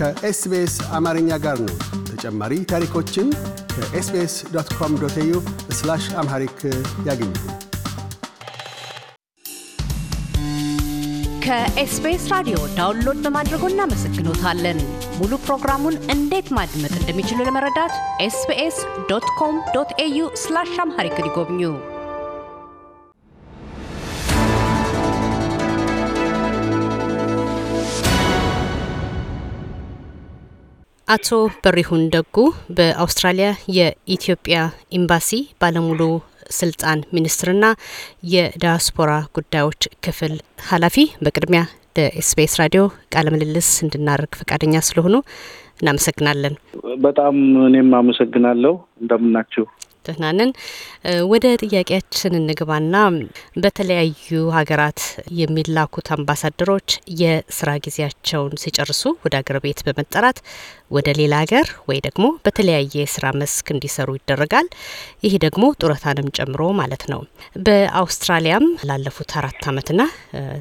ከኤስቢኤስ አማርኛ ጋር ነው። ተጨማሪ ታሪኮችን ከኤስቢኤስ ዶት ኮም ዶት ዩ ስላሽ አምሃሪክ ያገኙ። ከኤስቢኤስ ራዲዮ ዳውንሎድ በማድረጎ እናመሰግኖታለን። ሙሉ ፕሮግራሙን እንዴት ማድመጥ እንደሚችሉ ለመረዳት ኤስቢኤስ ዶት ኮም ዶት ኤዩ ስላሽ አምሃሪክ ይጎብኙ። አቶ በሪሁን ደጉ በአውስትራሊያ የኢትዮጵያ ኤምባሲ ባለሙሉ ስልጣን ሚኒስትርና የዲያስፖራ ጉዳዮች ክፍል ኃላፊ፣ በቅድሚያ ለኤስቢኤስ ራዲዮ ቃለ ምልልስ እንድናደርግ ፈቃደኛ ስለሆኑ እናመሰግናለን። በጣም እኔም አመሰግናለሁ። እንደምናችሁ ናንን ወደ ጥያቄያችን እንግባና በተለያዩ ሀገራት የሚላኩት አምባሳደሮች የስራ ጊዜያቸውን ሲጨርሱ ወደ አገር ቤት በመጠራት ወደ ሌላ ሀገር ወይ ደግሞ በተለያየ የስራ መስክ እንዲሰሩ ይደረጋል። ይህ ደግሞ ጡረታንም ጨምሮ ማለት ነው። በአውስትራሊያም ላለፉት አራት ዓመትና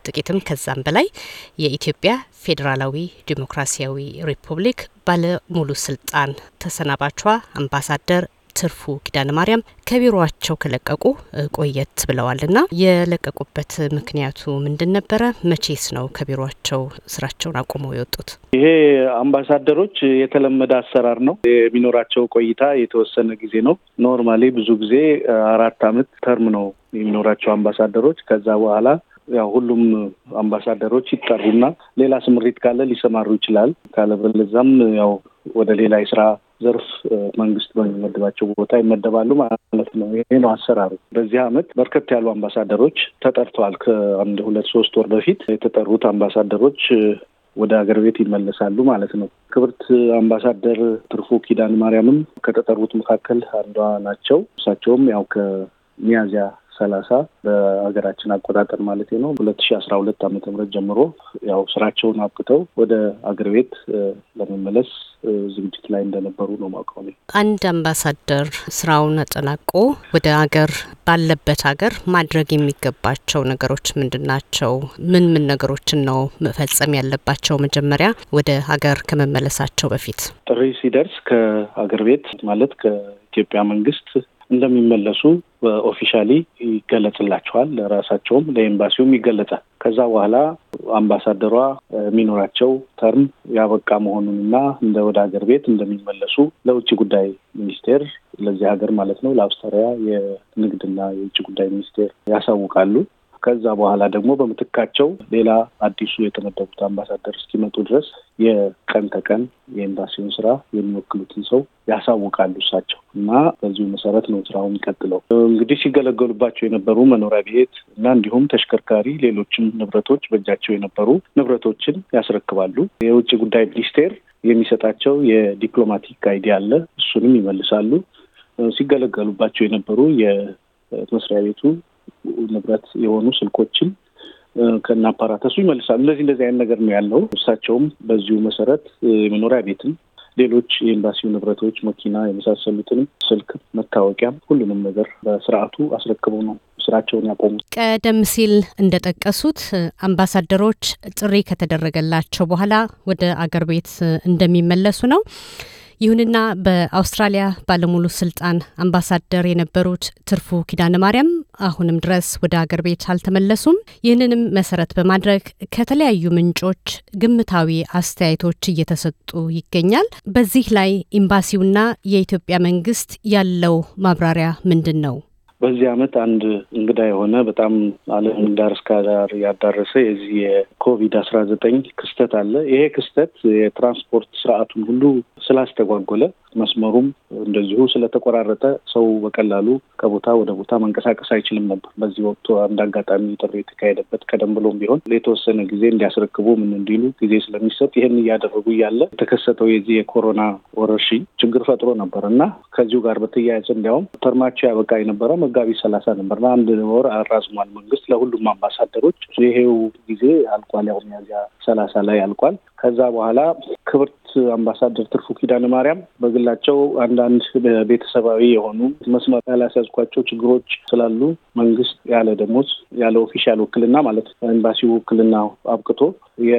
ጥቂትም ከዛም በላይ የኢትዮጵያ ፌዴራላዊ ዲሞክራሲያዊ ሪፑብሊክ ባለሙሉ ስልጣን ተሰናባቿ አምባሳደር ትርፉ ኪዳነ ማርያም ከቢሮቸው ከለቀቁ ቆየት ብለዋልና የለቀቁበት ምክንያቱ ምንድን ነበረ? መቼስ ነው ከቢሮቸው ስራቸውን አቁመው የወጡት? ይሄ አምባሳደሮች የተለመደ አሰራር ነው። የሚኖራቸው ቆይታ የተወሰነ ጊዜ ነው። ኖርማሊ ብዙ ጊዜ አራት አመት ተርም ነው የሚኖራቸው አምባሳደሮች ከዛ በኋላ ያው ሁሉም አምባሳደሮች ይጠሩና ሌላ ስምሪት ካለ ሊሰማሩ ይችላል። ካለበለዛም ያው ወደ ሌላ የስራ ዘርፍ መንግስት በሚመድባቸው ቦታ ይመደባሉ ማለት ነው። ይሄ ነው አሰራሩ። በዚህ አመት በርከት ያሉ አምባሳደሮች ተጠርተዋል። ከአንድ ሁለት ሶስት ወር በፊት የተጠሩት አምባሳደሮች ወደ ሀገር ቤት ይመለሳሉ ማለት ነው። ክብርት አምባሳደር ትርፉ ኪዳን ማርያምም ከተጠሩት መካከል አንዷ ናቸው። እሳቸውም ያው ከሚያዝያ ሰላሳ በሀገራችን አቆጣጠር ማለት ነው ሁለት ሺ አስራ ሁለት ዓመተ ምህረት ጀምሮ ያው ስራቸውን አብቅተው ወደ አገር ቤት ለመመለስ ዝግጅት ላይ እንደነበሩ ነው ማውቀው። አንድ አምባሳደር ስራውን አጠናቆ ወደ አገር ባለበት ሀገር ማድረግ የሚገባቸው ነገሮች ምንድን ናቸው? ምን ምን ነገሮችን ነው መፈጸም ያለባቸው? መጀመሪያ ወደ ሀገር ከመመለሳቸው በፊት ጥሪ ሲደርስ ከሀገር ቤት ማለት ከኢትዮጵያ መንግስት እንደሚመለሱ ኦፊሻሊ ይገለጽላቸዋል። ለራሳቸውም ለኤምባሲውም ይገለጻል። ከዛ በኋላ አምባሳደሯ የሚኖራቸው ተርም ያበቃ መሆኑንና እንደ ወደ ሀገር ቤት እንደሚመለሱ ለውጭ ጉዳይ ሚኒስቴር ለዚህ ሀገር ማለት ነው ለአውስትራሊያ የንግድና የውጭ ጉዳይ ሚኒስቴር ያሳውቃሉ። ከዛ በኋላ ደግሞ በምትካቸው ሌላ አዲሱ የተመደቡት አምባሳደር እስኪመጡ ድረስ የቀን ተቀን የኤምባሲውን ስራ የሚወክሉትን ሰው ያሳውቃሉ እሳቸው እና በዚሁ መሰረት ነው ስራውን የሚቀጥለው። እንግዲህ ሲገለገሉባቸው የነበሩ መኖሪያ ቤት እና እንዲሁም ተሽከርካሪ፣ ሌሎችም ንብረቶች በእጃቸው የነበሩ ንብረቶችን ያስረክባሉ። የውጭ ጉዳይ ሚኒስቴር የሚሰጣቸው የዲፕሎማቲክ አይዲ አለ። እሱንም ይመልሳሉ። ሲገለገሉባቸው የነበሩ የመስሪያ ቤቱ ንብረት የሆኑ ስልኮችን ከና አፓራተሱ ይመልሳሉ። እንደዚህ እንደዚህ አይነት ነገር ነው ያለው። እሳቸውም በዚሁ መሰረት የመኖሪያ ቤትም ሌሎች የኤምባሲው ንብረቶች መኪና፣ የመሳሰሉትንም ስልክ፣ መታወቂያ፣ ሁሉንም ነገር በስርዓቱ አስረክበው ነው ስራቸውን ያቆሙት። ቀደም ሲል እንደጠቀሱት አምባሳደሮች ጥሪ ከተደረገላቸው በኋላ ወደ አገር ቤት እንደሚመለሱ ነው። ይሁንና በአውስትራሊያ ባለሙሉ ስልጣን አምባሳደር የነበሩት ትርፉ ኪዳነ ማርያም አሁንም ድረስ ወደ አገር ቤት አልተመለሱም። ይህንንም መሰረት በማድረግ ከተለያዩ ምንጮች ግምታዊ አስተያየቶች እየተሰጡ ይገኛል። በዚህ ላይ ኤምባሲውና የኢትዮጵያ መንግስት ያለው ማብራሪያ ምንድን ነው? በዚህ ዓመት አንድ እንግዳ የሆነ በጣም ዓለምን ዳር እስከ ዳር ያዳረሰ የዚህ የኮቪድ አስራ ዘጠኝ ክስተት አለ። ይሄ ክስተት የትራንስፖርት ስርዓቱን ሁሉ ስላስተጓጎለ መስመሩም እንደዚሁ ስለተቆራረጠ ሰው በቀላሉ ከቦታ ወደ ቦታ መንቀሳቀስ አይችልም ነበር። በዚህ ወቅቱ አንድ አጋጣሚ ጥሪ የተካሄደበት ቀደም ብሎም ቢሆን የተወሰነ ጊዜ እንዲያስረክቡ ምን እንዲሉ ጊዜ ስለሚሰጥ ይህን እያደረጉ እያለ የተከሰተው የዚህ የኮሮና ወረርሽኝ ችግር ፈጥሮ ነበር እና ከዚሁ ጋር በተያያዘ እንዲያውም ተርማቸው ያበቃ የነበረ መጋቢት ሰላሳ ነበር ነበርና አንድ ወር አራዝሟል መንግስት ለሁሉም አምባሳደሮች። ይሄው ጊዜ አልቋል። ያው ሚያዝያ ሰላሳ ላይ አልቋል። ከዛ በኋላ ክብርት አምባሳደር ትርፉ ኪዳነ ማርያም በግላቸው አንዳንድ ቤተሰባዊ የሆኑ መስመር ያላስያዝኳቸው ችግሮች ስላሉ መንግስት ያለ ደሞዝ ያለ ኦፊሻል ውክልና ማለት ኤምባሲው ውክልና አብቅቶ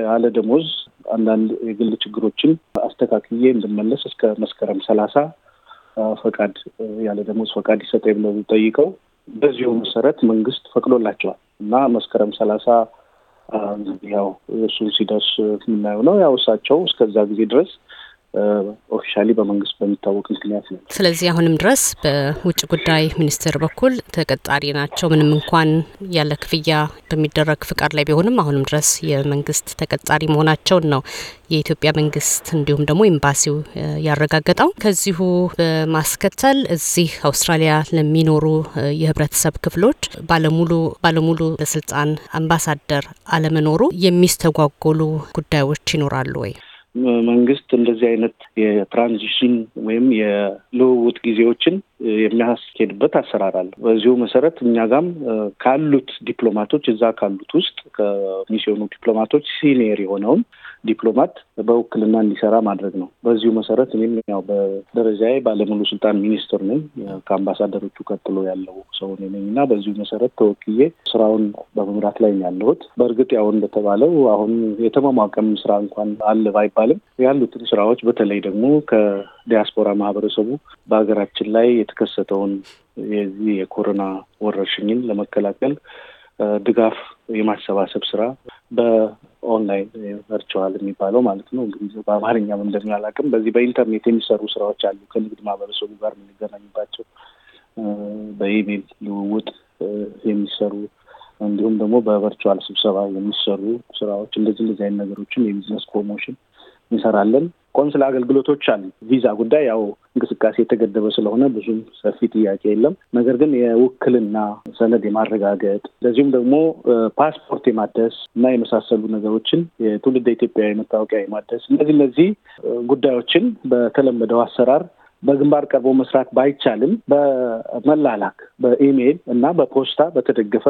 ያለ ደሞዝ አንዳንድ የግል ችግሮችን አስተካክዬ እንድመለስ እስከ መስከረም ሰላሳ ፈቃድ ያለ ደሞዝ ፈቃድ ይሰጠኝ ብለው ጠይቀው በዚሁ መሰረት መንግስት ፈቅዶላቸዋል እና መስከረም ሰላሳ ያው እሱ ሲደርስ የምናየው ነው። ያው እሳቸው እስከዛ ጊዜ ድረስ ኦፊሻሊ በመንግስት በሚታወቅ ምክንያት ነው። ስለዚህ አሁንም ድረስ በውጭ ጉዳይ ሚኒስቴር በኩል ተቀጣሪ ናቸው። ምንም እንኳን ያለ ክፍያ በሚደረግ ፍቃድ ላይ ቢሆንም አሁንም ድረስ የመንግስት ተቀጣሪ መሆናቸውን ነው የኢትዮጵያ መንግስት እንዲሁም ደግሞ ኤምባሲው ያረጋገጠው። ከዚሁ በማስከተል እዚህ አውስትራሊያ ለሚኖሩ የህብረተሰብ ክፍሎች ባለሙሉ ባለሙሉ በስልጣን አምባሳደር አለመኖሩ የሚስተጓጎሉ ጉዳዮች ይኖራሉ ወይ? መንግስት እንደዚህ አይነት የትራንዚሽን ወይም የልውውጥ ጊዜዎችን የሚያስኬድበት አሰራር አለ። በዚሁ መሰረት እኛ ጋም ካሉት ዲፕሎማቶች እዛ ካሉት ውስጥ ከሚስዮኑ ዲፕሎማቶች ሲኒየር የሆነውን ዲፕሎማት በውክልና እንዲሰራ ማድረግ ነው። በዚሁ መሰረት እኔም ያው በደረጃ ባለሙሉ ስልጣን ሚኒስትር ነኝ። ከአምባሳደሮቹ ቀጥሎ ያለው ሰው እኔ ነኝ እና በዚሁ መሰረት ተወክዬ ስራውን በመምራት ላይ ያለሁት። በእርግጥ ያው እንደተባለው አሁን የተሟሟቀም ስራ እንኳን አለ ባይባልም ያሉትን ስራዎች በተለይ ደግሞ ከዲያስፖራ ማህበረሰቡ በሀገራችን ላይ የተከሰተውን የዚህ የኮሮና ወረርሽኝን ለመከላከል ድጋፍ የማሰባሰብ ስራ በኦንላይን ቨርቹዋል የሚባለው ማለት ነው። እንግዲህ በአማርኛም እንደሚሆን አላውቅም። በዚህ በኢንተርኔት የሚሰሩ ስራዎች አሉ። ከንግድ ማህበረሰቡ ጋር የምንገናኝባቸው በኢሜል ልውውጥ የሚሰሩ እንዲሁም ደግሞ በቨርቹዋል ስብሰባ የሚሰሩ ስራዎች፣ እንደዚህ እንደዚህ አይነት ነገሮችን የቢዝነስ ፕሮሞሽን እንሰራለን። ቆንስላ አገልግሎቶች አሉ። ቪዛ ጉዳይ ያው እንቅስቃሴ የተገደበ ስለሆነ ብዙም ሰፊ ጥያቄ የለም። ነገር ግን የውክልና ሰነድ የማረጋገጥ እንደዚሁም ደግሞ ፓስፖርት የማደስ እና የመሳሰሉ ነገሮችን የትውልደ ኢትዮጵያዊ መታወቂያ የማደስ እነዚህ እነዚህ ጉዳዮችን በተለመደው አሰራር በግንባር ቀርቦ መስራት ባይቻልም በመላላክ በኢሜይል እና በፖስታ በተደገፈ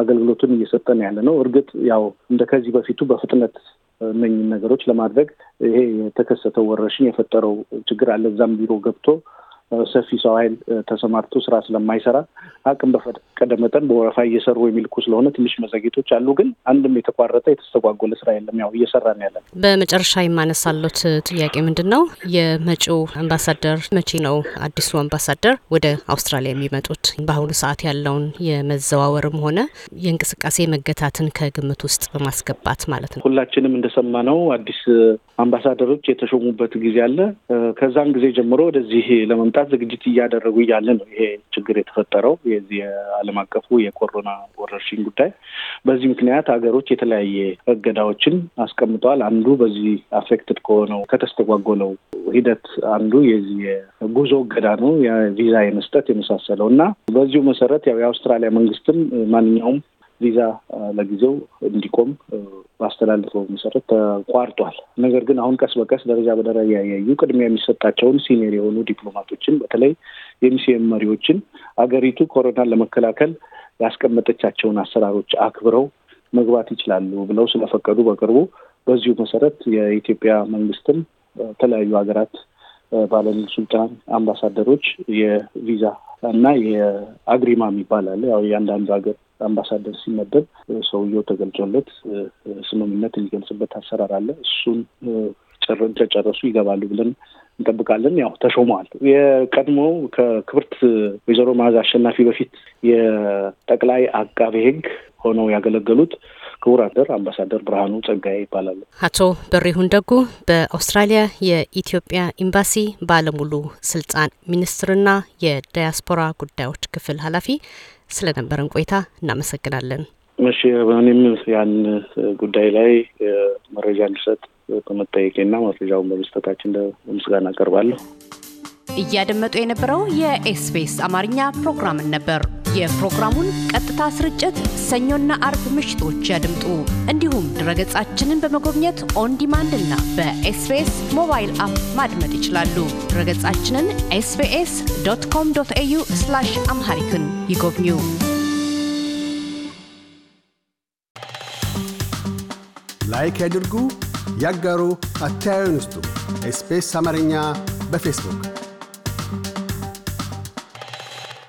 አገልግሎቱን እየሰጠን ያለ ነው። እርግጥ ያው እንደ ከዚህ በፊቱ በፍጥነት እነኝን ነገሮች ለማድረግ ይሄ የተከሰተው ወረርሽኝ የፈጠረው ችግር አለ። እዛም ቢሮ ገብቶ ሰፊ ሰው ኃይል ተሰማርቶ ስራ ስለማይሰራ አቅም በፈቀደ መጠን በወረፋ እየሰሩ የሚልኩ ስለሆነ ትንሽ መዘግየቶች አሉ። ግን አንድም የተቋረጠ የተስተጓጎለ ስራ የለም። ያው እየሰራን ያለ በመጨረሻ የማነሳሎት ጥያቄ ምንድን ነው? የመጪው አምባሳደር መቼ ነው አዲሱ አምባሳደር ወደ አውስትራሊያ የሚመጡት? በአሁኑ ሰዓት ያለውን የመዘዋወርም ሆነ የእንቅስቃሴ መገታትን ከግምት ውስጥ በማስገባት ማለት ነው። ሁላችንም እንደሰማነው አዲስ አምባሳደሮች የተሾሙበት ጊዜ አለ። ከዛን ጊዜ ጀምሮ ወደዚህ ለመምጣት ለመምጣት ዝግጅት እያደረጉ እያለ ነው ይሄ ችግር የተፈጠረው የዚህ የአለም አቀፉ የኮሮና ወረርሽኝ ጉዳይ። በዚህ ምክንያት ሀገሮች የተለያየ እገዳዎችን አስቀምጠዋል። አንዱ በዚህ አፌክትድ ከሆነው ከተስተጓጎለው ሂደት አንዱ የዚህ የጉዞ እገዳ ነው፣ የቪዛ የመስጠት የመሳሰለው እና በዚሁ መሰረት ያው የአውስትራሊያ መንግስትም ማንኛውም ቪዛ ለጊዜው እንዲቆም ባስተላልፈው መሰረት ተቋርጧል። ነገር ግን አሁን ቀስ በቀስ ደረጃ በደረጃ እያያዩ ቅድሚያ የሚሰጣቸውን ሲኒየር የሆኑ ዲፕሎማቶችን በተለይ የሚሲኤም መሪዎችን አገሪቱ ኮሮናን ለመከላከል ያስቀመጠቻቸውን አሰራሮች አክብረው መግባት ይችላሉ ብለው ስለፈቀዱ በቅርቡ በዚሁ መሰረት የኢትዮጵያ መንግስትም የተለያዩ ሀገራት ባለስልጣን አምባሳደሮች የቪዛ እና የአግሪማ የሚባል አለ። ያው የአንዳንዱ ሀገር አምባሳደር ሲመደብ ሰውየው ተገልጾለት ስምምነት የሚገልጽበት አሰራር አለ። እሱን እንደጨረሱ ይገባሉ ብለን እንጠብቃለን። ያው ተሾመዋል። የቀድሞው ከክብርት ወይዘሮ መዓዛ አሸናፊ በፊት የጠቅላይ አቃቤ ሕግ ሆነው ያገለገሉት ክቡር አደር አምባሳደር ብርሃኑ ጸጋዬ ይባላሉ። አቶ በሪሁን ደጉ በአውስትራሊያ የኢትዮጵያ ኤምባሲ ባለሙሉ ስልጣን ሚኒስትርና የዳያስፖራ ጉዳዮች ክፍል ኃላፊ ስለነበረን ቆይታ እናመሰግናለን። እሺ እኔም ያን ጉዳይ ላይ መረጃ እንድሰጥ በመጠየቄና መረጃውን በመስጠታችን ምስጋና አቀርባለሁ። እያደመጡ የነበረው የኤስቢኤስ አማርኛ ፕሮግራምን ነበር። የፕሮግራሙን ቀጥታ ስርጭት ሰኞና አርብ ምሽቶች ያድምጡ። እንዲሁም ድረገጻችንን በመጎብኘት ኦን ዲማንድ እና በኤስቤስ ሞባይል አፕ ማድመጥ ይችላሉ። ድረገጻችንን ኤስቤስ ዶት ኮም ዶት ኤዩ አምሃሪክን ይጎብኙ። ላይክ ያድርጉ፣ ያጋሩ፣ አስተያየትዎን ይስጡ። ኤስቤስ አማርኛ በፌስቡክ